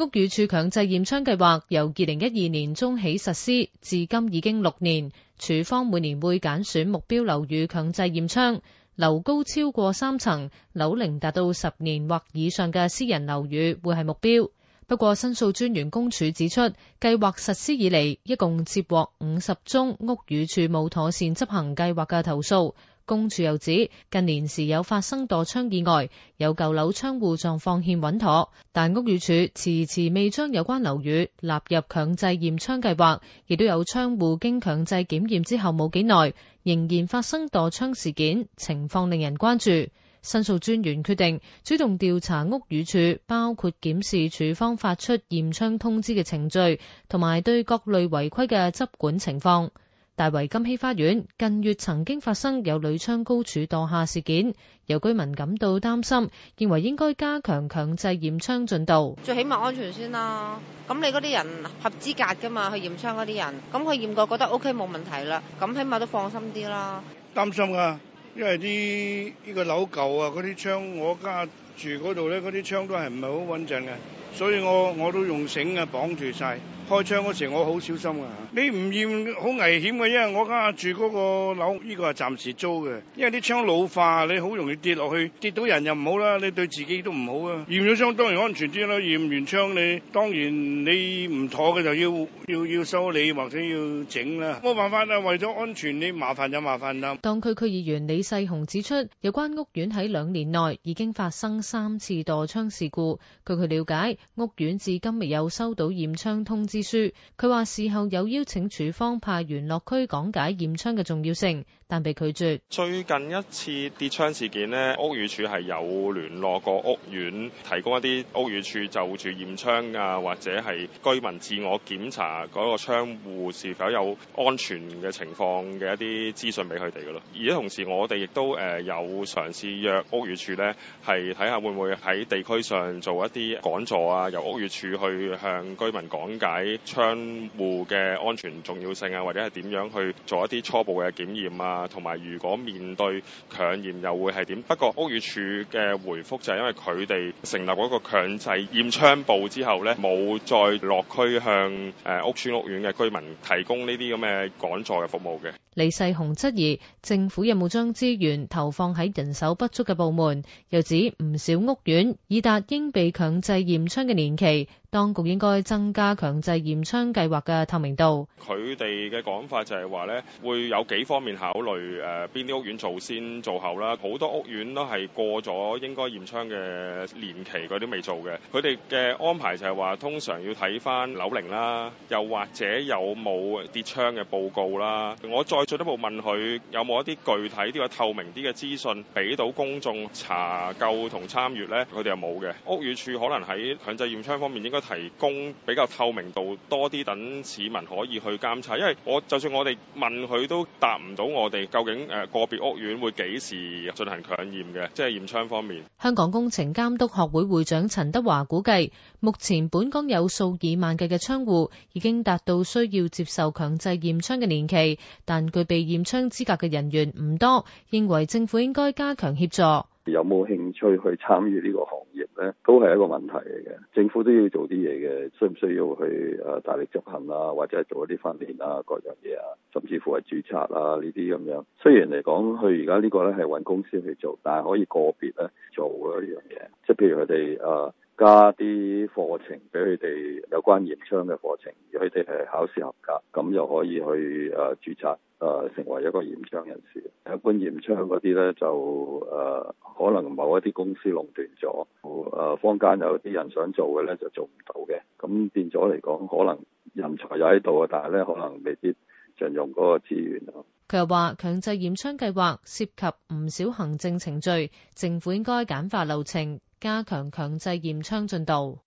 屋宇署強制驗窗計劃由二零一二年中起實施，至今已經六年。署方每年會揀選目標樓宇強制驗窗，樓高超過三層、樓齡達到十年或以上嘅私人樓宇會係目標。不過，申訴專員公署指出，計劃實施以嚟，一共接獲五十宗屋宇署冇妥善執行計劃嘅投訴。公署又指，近年時有發生墮窗意外，有舊樓窗戶狀況欠穩妥，但屋宇署遲遲未將有關樓宇納入強制驗窗計劃，亦都有窗戶經強制檢驗之後冇幾耐，仍然發生墮窗事件，情況令人關注。申訴專員決定主動調查屋宇署，包括檢視處方發出驗窗通知嘅程序，同埋對各類違規嘅執管情況。大圍金禧花園近月曾經發生有鋁窗高處墮下事件，有居民感到擔心，認為應該加強強制驗窗進度，最起碼安全先啦、啊。咁你嗰啲人合資格噶嘛？去驗窗嗰啲人，咁佢驗過覺得 O K 冇問題啦，咁起碼都放心啲啦。擔心噶，因為啲呢、這個樓舊啊，嗰啲窗我家住嗰度咧，嗰啲窗都係唔係好穩陣嘅。所以我我都用繩啊綁住晒。開窗嗰時我好小心㗎、啊、你唔驗好危險㗎，因為我家住嗰個樓，依個係暫時租嘅，因為啲窗老化，你好容易跌落去，跌到人又唔好啦，你對自己都唔好啊。驗咗窗當然安全啲啦，驗完窗你當然你唔妥嘅就要要要修理或者要整啦。冇辦法啦，為咗安全，你麻煩就麻煩啦。當區區議員李世雄指出，有關屋苑喺兩年內已經發生三次墮窗事故。據佢了解，屋苑至今未有收到驗窗通知書，佢話事後有邀請署方派員落區講解驗窗嘅重要性，但被拒絕。最近一次跌窗事件呢，屋宇署係有聯絡過屋苑，提供一啲屋宇署就住驗窗啊，或者係居民自我檢查嗰個窗戶是否有安全嘅情況嘅一啲資訊俾佢哋噶咯。而且同時，我哋亦都誒有嘗試約屋宇署咧，係睇下會唔會喺地區上做一啲講座。話由屋宇署去向居民講解窗戶嘅安全重要性啊，或者係點樣去做一啲初步嘅檢驗啊，同埋如果面對強驗又會係點。不過屋宇署嘅回覆就係因為佢哋成立嗰個強制驗窗部之後咧，冇再落區向誒屋邨屋苑嘅居民提供呢啲咁嘅講座嘅服務嘅。李世雄質疑政府有冇將資源投放喺人手不足嘅部門，又指唔少屋苑已達應被強制驗窗嘅年期，當局應該增加強制驗窗計劃嘅透明度。佢哋嘅講法就係話咧，會有幾方面考慮，誒，邊啲屋苑做先做後啦，好多屋苑都係過咗應該驗窗嘅年期，佢哋未做嘅。佢哋嘅安排就係話，通常要睇翻樓齡啦，又或者有冇跌窗嘅報告啦。我再。再進一步問佢有冇一啲具體啲或透明啲嘅資訊俾到公眾查究同參與呢？佢哋又冇嘅。屋宇署可能喺強制驗窗方面應該提供比較透明度多啲，等市民可以去監察。因為我就算我哋問佢都答唔到我哋究竟誒個別屋苑會幾時進行強驗嘅，即係驗窗方面。香港工程監督學會會長陳德華估計，目前本港有數以萬計嘅窗戶已經達到需要接受強制驗窗嘅年期，但具備驗窗資格嘅人員唔多，認為政府應該加強協助。有冇興趣去參與呢個行業咧，都係一個問題嚟嘅。政府都要做啲嘢嘅，需唔需要去誒大力執行啊，或者係做一啲訓練啊各樣嘢啊，甚至乎係註冊啊呢啲咁樣。雖然嚟講，佢而家呢個咧係搵公司去做，但係可以個別咧做呢樣嘢，即係譬如佢哋誒。加啲課程俾佢哋有關驗窗嘅課程，佢哋係考試合格，咁又可以去誒註冊誒、呃、成為一個驗窗人士。一般驗窗嗰啲咧就誒、呃、可能某一啲公司壟斷咗，誒坊間有啲人想做嘅咧就做唔到嘅，咁變咗嚟講，可能人才又喺度啊，但係咧可能未必盡用嗰個資源咯。佢又話：強制驗窗計劃涉及唔少行政程序，政府應該簡化流程。加強強制驗窗進度。